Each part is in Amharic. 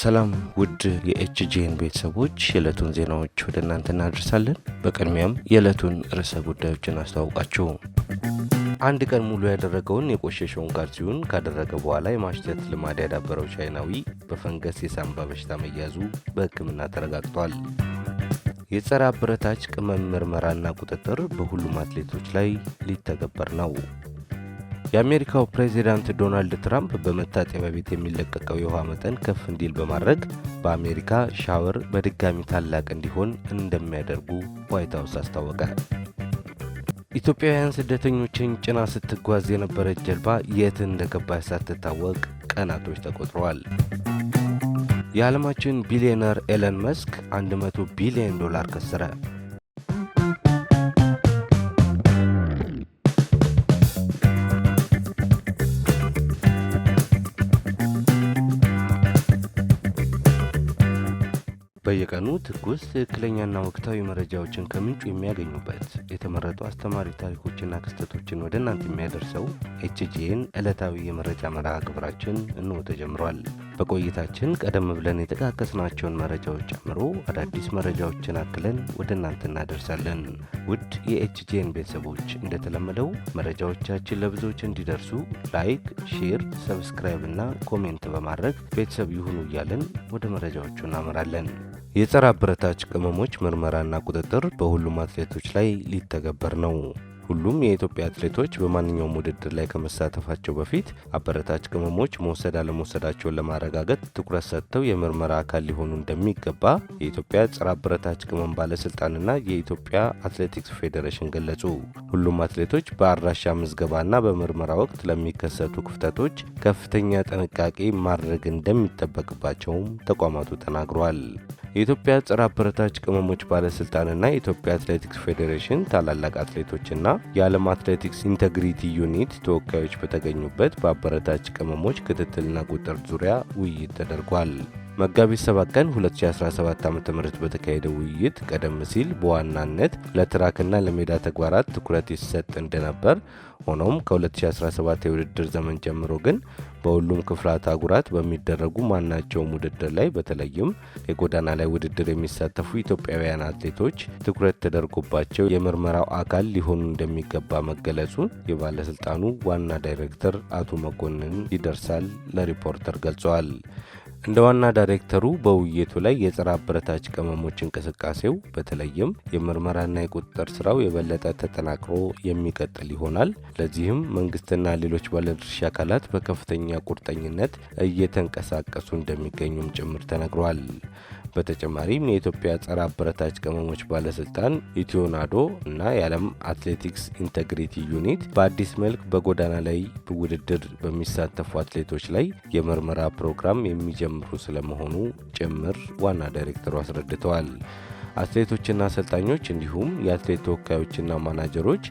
ሰላም ውድ የኤችጄን ቤተሰቦች የዕለቱን ዜናዎች ወደ እናንተ እናደርሳለን። በቅድሚያም የዕለቱን ርዕሰ ጉዳዮችን አስተዋውቃችሁ አንድ ቀን ሙሉ ያደረገውን የቆሸሸውን ሲሆን ካደረገ በኋላ የማሽተት ልማድ ያዳበረው ቻይናዊ በፈንገስ የሳንባ በሽታ መያዙ በሕክምና ተረጋግጧል። የጸረ አበረታች ቅመም ምርመራና ቁጥጥር በሁሉም አትሌቶች ላይ ሊተገበር ነው። የአሜሪካው ፕሬዚዳንት ዶናልድ ትራምፕ በመታጠቢያ ቤት የሚለቀቀው የውሃ መጠን ከፍ እንዲል በማድረግ በአሜሪካ ሻወር በድጋሚ ታላቅ እንዲሆን እንደሚያደርጉ ዋይት ሀውስ አስታወቀ። ኢትዮጵያውያን ስደተኞችን ጭና ስትጓዝ የነበረች ጀልባ የት እንደገባች ሳትታወቅ ቀናቶች ተቆጥረዋል። የዓለማችን ቢሊዮነር ኤለን መስክ 100 ቢሊዮን ዶላር ከሰረ። በየቀኑ ትኩስ ትክክለኛና ወቅታዊ መረጃዎችን ከምንጩ የሚያገኙበት የተመረጡ አስተማሪ ታሪኮችና ክስተቶችን ወደ እናንተ የሚያደርሰው ኤችጂኤን ዕለታዊ የመረጃ መርሃ ግብራችን እንሆ ተጀምሯል። በቆይታችን ቀደም ብለን የጠቃቀስናቸውን መረጃዎች ጨምሮ አዳዲስ መረጃዎችን አክለን ወደ እናንተ እናደርሳለን። ውድ የኤችጄን ቤተሰቦች እንደተለመደው መረጃዎቻችን ለብዙዎች እንዲደርሱ ላይክ፣ ሼር፣ ሰብስክራይብ እና ኮሜንት በማድረግ ቤተሰብ ይሁኑ እያለን ወደ መረጃዎቹ እናመራለን። የጸረ አበረታች ቅመሞች ምርመራና ቁጥጥር በሁሉም አትሌቶች ላይ ሊተገበር ነው። ሁሉም የኢትዮጵያ አትሌቶች በማንኛውም ውድድር ላይ ከመሳተፋቸው በፊት አበረታች ቅመሞች መውሰድ አለመውሰዳቸውን ለማረጋገጥ ትኩረት ሰጥተው የምርመራ አካል ሊሆኑ እንደሚገባ የኢትዮጵያ ጸረ አበረታች ቅመም ባለስልጣንና የኢትዮጵያ አትሌቲክስ ፌዴሬሽን ገለጹ። ሁሉም አትሌቶች በአድራሻ ምዝገባና በምርመራ ወቅት ለሚከሰቱ ክፍተቶች ከፍተኛ ጥንቃቄ ማድረግ እንደሚጠበቅባቸውም ተቋማቱ ተናግሯል። የኢትዮጵያ ጸረ አበረታች ቅመሞች ባለስልጣንና የኢትዮጵያ አትሌቲክስ ፌዴሬሽን ታላላቅ አትሌቶችና የዓለም አትሌቲክስ ኢንተግሪቲ ዩኒት ተወካዮች በተገኙበት በአበረታች ቅመሞች ክትትልና ቁጥር ዙሪያ ውይይት ተደርጓል። መጋቢት 7 ቀን 2017 ዓ ም ውይይት ቀደም ሲል በዋናነት ለትራክና ለሜዳ ተግባራት ትኩረት ይሰጥ እንደነበር፣ ሆኖም ከ2017 የውድድር ዘመን ጀምሮ ግን በሁሉም ክፍላት አጉራት በሚደረጉ ማናቸውም ውድድር ላይ በተለይም የጎዳና ላይ ውድድር የሚሳተፉ ኢትዮጵያውያን አትሌቶች ትኩረት ተደርጎባቸው የምርመራው አካል ሊሆኑ እንደሚገባ መገለጹን የባለስልጣኑ ዋና ዳይሬክተር አቶ መኮንን ይደርሳል ለሪፖርተር ገልጸዋል። እንደ ዋና ዳይሬክተሩ በውይይቱ ላይ የጸረ አበረታች ቅመሞች እንቅስቃሴው በተለይም የምርመራና የቁጥጥር ስራው የበለጠ ተጠናክሮ የሚቀጥል ይሆናል። ለዚህም መንግስትና ሌሎች ባለድርሻ አካላት በከፍተኛ ቁርጠኝነት እየተንቀሳቀሱ እንደሚገኙም ጭምር ተነግሯል። በተጨማሪም የኢትዮጵያ ጸረ አበረታች ቅመሞች ባለስልጣን ኢትዮናዶ እና የዓለም አትሌቲክስ ኢንተግሪቲ ዩኒት በአዲስ መልክ በጎዳና ላይ ውድድር በሚሳተፉ አትሌቶች ላይ የምርመራ ፕሮግራም የሚጀምሩ ስለመሆኑ ጭምር ዋና ዳይሬክተሩ አስረድተዋል። አትሌቶችና አሰልጣኞች እንዲሁም የአትሌት ተወካዮችና ማናጀሮች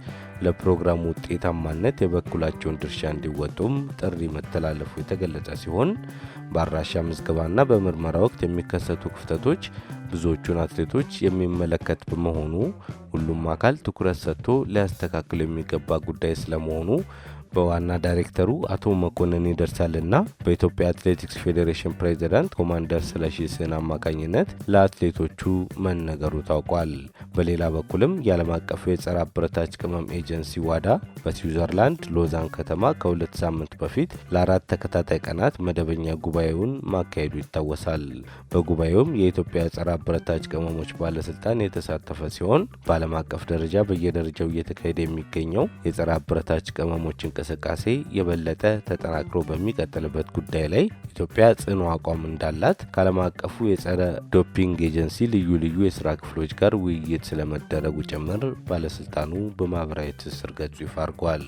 ለፕሮግራሙ ውጤታማነት የበኩላቸውን ድርሻ እንዲወጡም ጥሪ መተላለፉ የተገለጸ ሲሆን በአድራሻ ምዝገባና በምርመራ ወቅት የሚከሰቱ ክፍተቶች ብዙዎቹን አትሌቶች የሚመለከት በመሆኑ ሁሉም አካል ትኩረት ሰጥቶ ሊያስተካክል የሚገባ ጉዳይ ስለመሆኑ በዋና ዳይሬክተሩ አቶ መኮንን ይደርሳልና በኢትዮጵያ አትሌቲክስ ፌዴሬሽን ፕሬዚዳንት ኮማንደር ስለሺ ስህን አማካኝነት ለአትሌቶቹ መነገሩ ታውቋል። በሌላ በኩልም የዓለም አቀፉ የጸረ አበረታች ቅመም ኤጀንሲ ዋዳ በስዊዘርላንድ ሎዛን ከተማ ከሁለት ሳምንት በፊት ለአራት ተከታታይ ቀናት መደበኛ ጉባኤውን ማካሄዱ ይታወሳል። በጉባኤውም የኢትዮጵያ ጸረ አበረታች ቅመሞች ባለስልጣን የተሳተፈ ሲሆን በዓለም አቀፍ ደረጃ በየደረጃው እየተካሄደ የሚገኘው የጸረ አበረታች ቅመሞች እንቅስቃሴ የበለጠ ተጠናክሮ በሚቀጥልበት ጉዳይ ላይ ኢትዮጵያ ጽኑ አቋም እንዳላት ከዓለም አቀፉ የጸረ ዶፒንግ ኤጀንሲ ልዩ ልዩ የስራ ክፍሎች ጋር ውይይት ስለመደረጉ ጭምር ባለስልጣኑ በማህበራዊ ትስስር ገጹ ይፋ አድርጓል።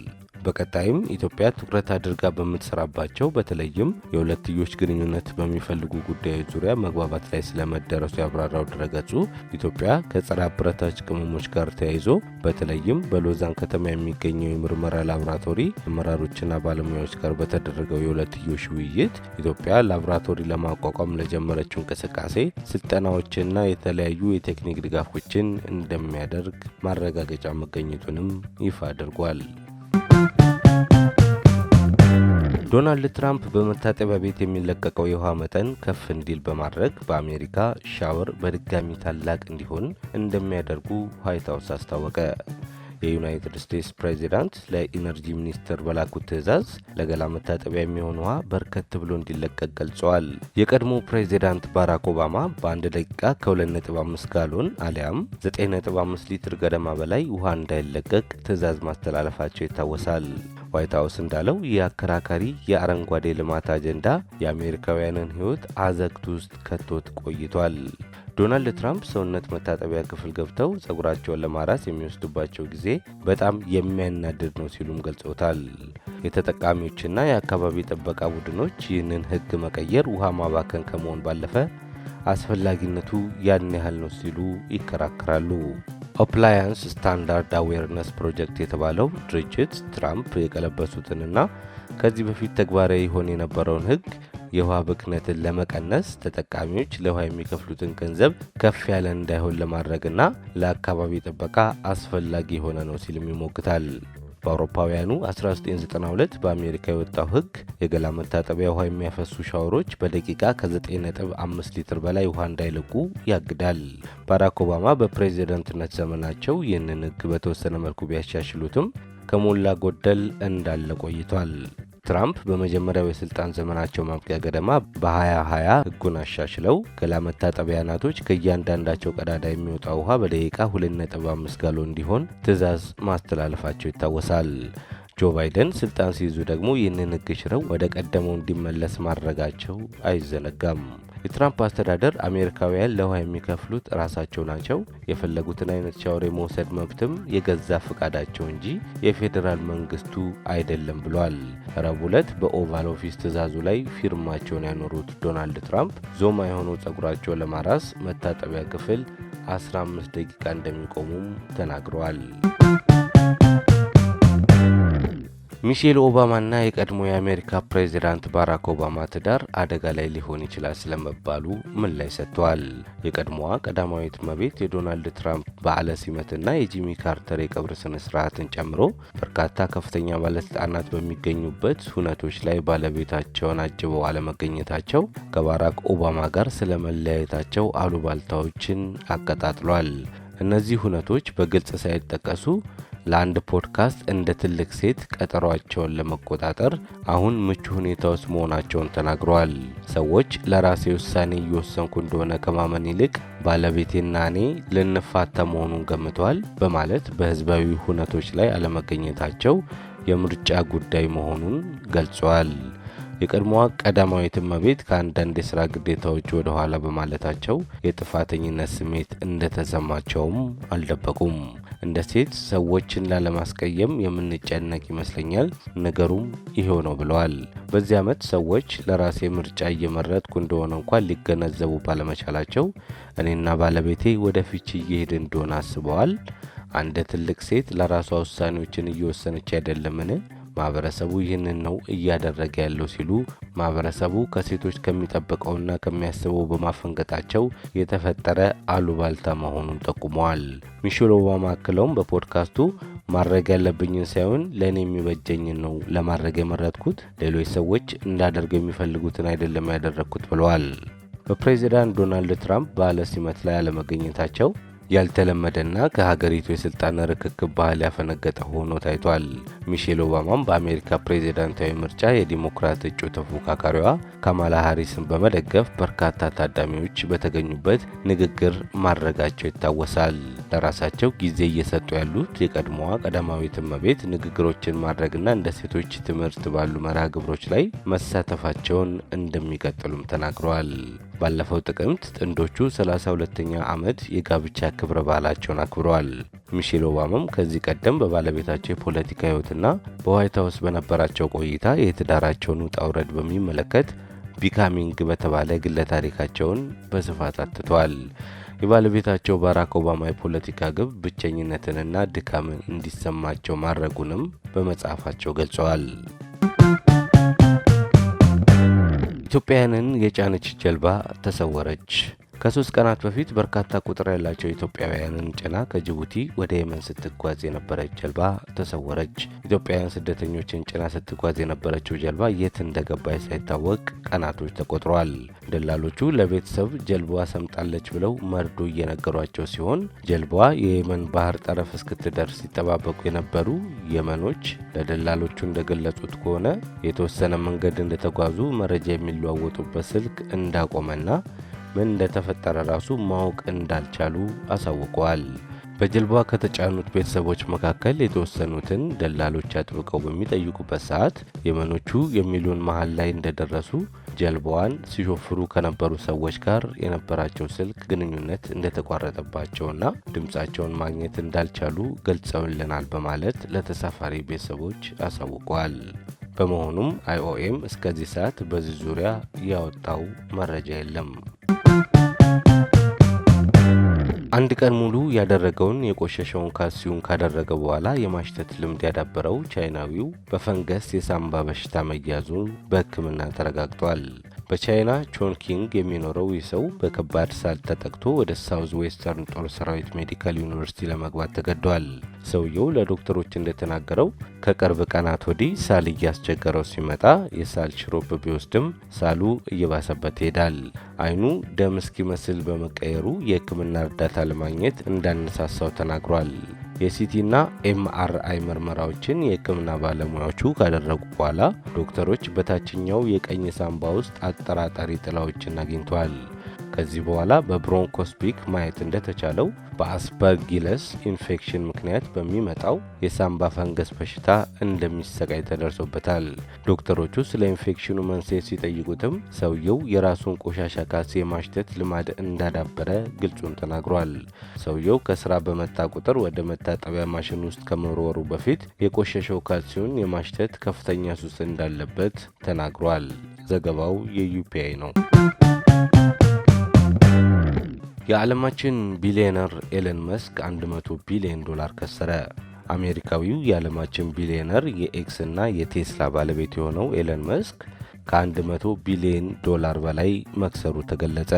በቀጣይም ኢትዮጵያ ትኩረት አድርጋ በምትሰራባቸው በተለይም የሁለትዮሽ ግንኙነት በሚፈልጉ ጉዳዮች ዙሪያ መግባባት ላይ ስለመደረሱ ያብራራው ድረገጹ ኢትዮጵያ ከጸረ አበረታች ቅመሞች ጋር ተያይዞ በተለይም በሎዛን ከተማ የሚገኘው የምርመራ ላቦራቶሪ አመራሮችና ባለሙያዎች ጋር በተደረገው የሁለትዮሽ ውይይት ኢትዮጵያ ላቦራቶሪ ለማቋቋም ለጀመረችው እንቅስቃሴ ስልጠናዎችና የተለያዩ የቴክኒክ ድጋፎችን እንደሚያደርግ ማረጋገጫ መገኘቱንም ይፋ አድርጓል። ዶናልድ ትራምፕ በመታጠቢያ ቤት የሚለቀቀው የውሃ መጠን ከፍ እንዲል በማድረግ በአሜሪካ ሻወር በድጋሚ ታላቅ እንዲሆን እንደሚያደርጉ ዋይት ሀውስ አስታወቀ። የዩናይትድ ስቴትስ ፕሬዚዳንት ለኢነርጂ ሚኒስቴር በላኩት ትዕዛዝ ለገላ መታጠቢያ የሚሆን ውሃ በርከት ብሎ እንዲለቀቅ ገልጸዋል። የቀድሞ ፕሬዚዳንት ባራክ ኦባማ በአንድ ደቂቃ ከ2.5 ጋሎን አሊያም 9.5 ሊትር ገደማ በላይ ውሃ እንዳይለቀቅ ትዕዛዝ ማስተላለፋቸው ይታወሳል። ዋይት ሀውስ እንዳለው የአከራካሪ የአረንጓዴ ልማት አጀንዳ የአሜሪካውያንን ሕይወት አዘግት ውስጥ ከቶት ቆይቷል። ዶናልድ ትራምፕ ሰውነት መታጠቢያ ክፍል ገብተው ጸጉራቸውን ለማራስ የሚወስዱባቸው ጊዜ በጣም የሚያናድድ ነው ሲሉም ገልጸውታል። የተጠቃሚዎችና የአካባቢ ጥበቃ ቡድኖች ይህንን ሕግ መቀየር ውሃ ማባከን ከመሆን ባለፈ አስፈላጊነቱ ያን ያህል ነው ሲሉ ይከራከራሉ። ኦፕላያንስ ስታንዳርድ አዌርነስ ፕሮጀክት የተባለው ድርጅት ትራምፕ የቀለበሱትንና ከዚህ በፊት ተግባራዊ ይሆን የነበረውን ሕግ የውሃ ብክነትን ለመቀነስ ተጠቃሚዎች ለውሃ የሚከፍሉትን ገንዘብ ከፍ ያለ እንዳይሆን ለማድረግና ለአካባቢ ጥበቃ አስፈላጊ የሆነ ነው ሲልም ይሞግታል። በአውሮፓውያኑ 1992 በአሜሪካ የወጣው ሕግ የገላ መታጠቢያ ውሃ የሚያፈሱ ሻወሮች በደቂቃ ከ9.5 ሊትር በላይ ውሃ እንዳይለቁ ያግዳል። ባራክ ኦባማ በፕሬዝደንትነት ዘመናቸው ይህንን ሕግ በተወሰነ መልኩ ቢያሻሽሉትም ከሞላ ጎደል እንዳለ ቆይቷል። ትራምፕ በመጀመሪያው የስልጣን ዘመናቸው ማብቂያ ገደማ በ2020 ህጉን አሻሽለው ገላ መታጠቢያ ናቶች ከእያንዳንዳቸው ቀዳዳ የሚወጣ ውሃ በደቂቃ 2.5 ጋሎ እንዲሆን ትዕዛዝ ማስተላለፋቸው ይታወሳል። ጆ ባይደን ስልጣን ሲይዙ ደግሞ ይህንን ህግ ሽረው ወደ ቀደመው እንዲመለስ ማድረጋቸው አይዘነጋም። የትራምፕ አስተዳደር አሜሪካውያን ለውሃ የሚከፍሉት ራሳቸው ናቸው፣ የፈለጉትን አይነት ሻወር የመውሰድ መብትም የገዛ ፈቃዳቸው እንጂ የፌዴራል መንግስቱ አይደለም ብሏል። ረቡዕ ዕለት በኦቫል ኦፊስ ትዕዛዙ ላይ ፊርማቸውን ያኖሩት ዶናልድ ትራምፕ ዞማ የሆነው ጸጉራቸው ለማራስ መታጠቢያ ክፍል 15 ደቂቃ እንደሚቆሙም ተናግረዋል። ሚሼል ኦባማና የቀድሞ የአሜሪካ ፕሬዚዳንት ባራክ ኦባማ ትዳር አደጋ ላይ ሊሆን ይችላል ስለመባሉ ምን ላይ ሰጥተዋል። የቀድሞዋ ቀዳማዊት እመቤት የዶናልድ ትራምፕ በዓለ ሲመትና የጂሚ ካርተር የቀብር ስነ ስርዓትን ጨምሮ በርካታ ከፍተኛ ባለስልጣናት በሚገኙበት ሁነቶች ላይ ባለቤታቸውን አጅበው አለመገኘታቸው ከባራክ ኦባማ ጋር ስለመለያየታቸው አሉባልታዎችን አቀጣጥሏል። እነዚህ ሁነቶች በግልጽ ሳይጠቀሱ ለአንድ ፖድካስት እንደ ትልቅ ሴት ቀጠሯቸውን ለመቆጣጠር አሁን ምቹ ሁኔታ ውስጥ መሆናቸውን ተናግረዋል። ሰዎች ለራሴ ውሳኔ እየወሰንኩ እንደሆነ ከማመን ይልቅ ባለቤቴና እኔ ልንፋታ መሆኑን ገምተዋል በማለት በህዝባዊ ሁነቶች ላይ አለመገኘታቸው የምርጫ ጉዳይ መሆኑን ገልጸዋል። የቀድሞዋ ቀዳማዊት እመቤት ከአንዳንድ የስራ ግዴታዎች ወደ ኋላ በማለታቸው የጥፋተኝነት ስሜት እንደተሰማቸውም አልደበቁም። እንደ ሴት ሰዎችን ላለማስቀየም የምንጨነቅ ይመስለኛል። ነገሩም ይሄው ነው ብለዋል። በዚህ ዓመት ሰዎች ለራሴ ምርጫ እየመረጥኩ እንደሆነ እንኳን ሊገነዘቡ ባለመቻላቸው እኔና ባለቤቴ ወደ ፍቺ እየሄድ እንደሆነ አስበዋል። አንድ ትልቅ ሴት ለራሷ ውሳኔዎችን እየወሰነች አይደለምን? ማህበረሰቡ ይህንን ነው እያደረገ ያለው ሲሉ ማህበረሰቡ ከሴቶች ከሚጠብቀውና ከሚያስበው በማፈንገጣቸው የተፈጠረ አሉባልታ መሆኑን ጠቁመዋል። ሚሼል ኦባማ አክለውም በፖድካስቱ ማድረግ ያለብኝን ሳይሆን ለእኔ የሚበጀኝን ነው ለማድረግ የመረጥኩት፣ ሌሎች ሰዎች እንዳደርገው የሚፈልጉትን አይደለም ያደረግኩት ብለዋል። በፕሬዚዳንት ዶናልድ ትራምፕ በዓለ ሲመት ላይ አለመገኘታቸው ያልተለመደና ከሀገሪቱ የስልጣን ርክክብ ባህል ያፈነገጠ ሆኖ ታይቷል። ሚሼል ኦባማም በአሜሪካ ፕሬዚዳንታዊ ምርጫ የዲሞክራት እጩ ተፎካካሪዋ ካማላ ሀሪስን በመደገፍ በርካታ ታዳሚዎች በተገኙበት ንግግር ማድረጋቸው ይታወሳል። ለራሳቸው ጊዜ እየሰጡ ያሉት የቀድሞዋ ቀዳማዊት እመቤት ንግግሮችን ማድረግና እንደ ሴቶች ትምህርት ባሉ መርሃ ግብሮች ላይ መሳተፋቸውን እንደሚቀጥሉም ተናግረዋል። ባለፈው ጥቅምት ጥንዶቹ 32ኛ ዓመት የጋብቻ ክብረ በዓላቸውን አክብረዋል። ሚሼል ኦባማም ከዚህ ቀደም በባለቤታቸው የፖለቲካ ሕይወትና በዋይት ሀውስ በነበራቸው ቆይታ የትዳራቸውን ውጣ ውረድ በሚመለከት ቢካሚንግ በተባለ ግለ ታሪካቸውን በስፋት አትተዋል። የባለቤታቸው ባራክ ኦባማ የፖለቲካ ግብ ብቸኝነትንና ድካምን እንዲሰማቸው ማድረጉንም በመጽሐፋቸው ገልጸዋል። ኢትዮጵያውያንን የጫነች ጀልባ ተሰወረች። ከሶስት ቀናት በፊት በርካታ ቁጥር ያላቸው ኢትዮጵያውያንን ጭና ከጅቡቲ ወደ የመን ስትጓዝ የነበረች ጀልባ ተሰወረች። ኢትዮጵያውያን ስደተኞችን ጭና ስትጓዝ የነበረችው ጀልባ የት እንደገባች ሳይታወቅ ቀናቶች ተቆጥረዋል። ደላሎቹ ለቤተሰብ ጀልባዋ ሰምጣለች ብለው መርዶ እየነገሯቸው ሲሆን ጀልባዋ የየመን ባህር ጠረፍ እስክትደርስ ሲጠባበቁ የነበሩ የመኖች ለደላሎቹ እንደገለጹት ከሆነ የተወሰነ መንገድ እንደተጓዙ መረጃ የሚለዋወጡበት ስልክ እንዳቆመና ምን እንደተፈጠረ ራሱ ማወቅ እንዳልቻሉ አሳውቀዋል። በጀልባ ከተጫኑት ቤተሰቦች መካከል የተወሰኑትን ደላሎች አጥብቀው በሚጠይቁበት ሰዓት የመኖቹ የሚሉን መሀል ላይ እንደደረሱ ጀልባዋን ሲሾፍሩ ከነበሩ ሰዎች ጋር የነበራቸው ስልክ ግንኙነት እንደተቋረጠባቸውና ድምፃቸውን ማግኘት እንዳልቻሉ ገልጸውልናል በማለት ለተሳፋሪ ቤተሰቦች አሳውቀዋል። በመሆኑም አይኦኤም እስከዚህ ሰዓት በዚህ ዙሪያ ያወጣው መረጃ የለም። አንድ ቀን ሙሉ ያደረገውን የቆሸሸውን ካልሲዩን ካደረገ በኋላ የማሽተት ልምድ ያዳበረው ቻይናዊው በፈንገስ የሳምባ በሽታ መያዙን በሕክምና ተረጋግጧል። በቻይና ቾንኪንግ የሚኖረው ይህ ሰው በከባድ ሳል ተጠቅቶ ወደ ሳውዝ ዌስተርን ጦር ሰራዊት ሜዲካል ዩኒቨርሲቲ ለመግባት ተገደዋል። ሰውየው ለዶክተሮች እንደተናገረው ከቅርብ ቀናት ወዲህ ሳል እያስቸገረው ሲመጣ የሳል ሽሮፕ ቢወስድም ሳሉ እየባሰበት ይሄዳል። ዓይኑ ደም እስኪመስል በመቀየሩ የሕክምና እርዳታ ለማግኘት እንዳነሳሳው ተናግሯል። የሲቲና ኤምአርአይ ምርመራዎችን የህክምና ባለሙያዎቹ ካደረጉ በኋላ ዶክተሮች በታችኛው የቀኝ ሳንባ ውስጥ አጠራጣሪ ጥላዎችን አግኝተዋል። ከዚህ በኋላ በብሮንኮስፒክ ማየት እንደተቻለው በአስፐርጊለስ ኢንፌክሽን ምክንያት በሚመጣው የሳምባ ፈንገስ በሽታ እንደሚሰቃይ ተደርሶበታል። ዶክተሮቹ ስለ ኢንፌክሽኑ መንስኤ ሲጠይቁትም ሰውየው የራሱን ቆሻሻ ካሴ የማሽተት ልማድ እንዳዳበረ ግልጹን ተናግሯል። ሰውየው ከስራ በመጣ ቁጥር ወደ መታጠቢያ ማሽን ውስጥ ከመወርወሩ በፊት የቆሸሸው ካሴውን የማሽተት ከፍተኛ ሱስ እንዳለበት ተናግሯል። ዘገባው የዩፒአይ ነው። የዓለማችን ቢሊዮነር ኤለን መስክ 100 ቢሊዮን ዶላር ከሰረ። አሜሪካዊው የዓለማችን ቢሊዮነር የኤክስ እና የቴስላ ባለቤት የሆነው ኤለን መስክ ከ100 ቢሊዮን ዶላር በላይ መክሰሩ ተገለጸ።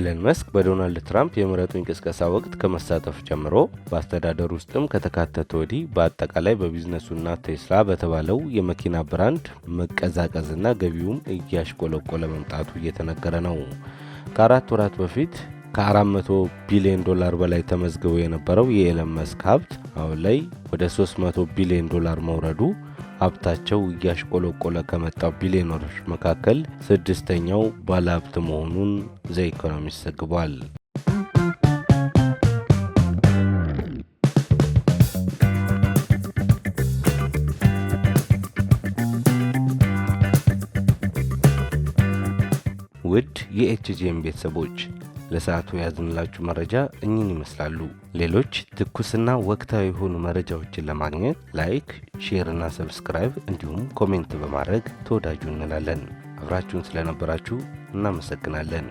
ኤለን መስክ በዶናልድ ትራምፕ የምረጡኝ ቅስቀሳ ወቅት ከመሳተፍ ጀምሮ በአስተዳደር ውስጥም ከተካተተ ወዲህ በአጠቃላይ በቢዝነሱና ቴስላ በተባለው የመኪና ብራንድ መቀዛቀዝና ገቢውም እያሽቆለቆለ መምጣቱ እየተነገረ ነው። ከአራት ወራት በፊት ከ400 ቢሊዮን ዶላር በላይ ተመዝግቦ የነበረው የኤለን መስክ ሀብት አሁን ላይ ወደ 300 ቢሊዮን ዶላር መውረዱ ሀብታቸው እያሽቆለቆለ ከመጣው ቢሊዮነሮች መካከል ስድስተኛው ባለሀብት መሆኑን ዘኢኮኖሚስት ዘግቧል። ውድ የኤችጂኤም ቤተሰቦች ለሰዓቱ ያዝንላችሁ መረጃ እኚህን ይመስላሉ። ሌሎች ትኩስና ወቅታዊ የሆኑ መረጃዎችን ለማግኘት ላይክ፣ ሼር እና ሰብስክራይብ እንዲሁም ኮሜንት በማድረግ ተወዳጁ እንላለን። አብራችሁን ስለነበራችሁ እናመሰግናለን።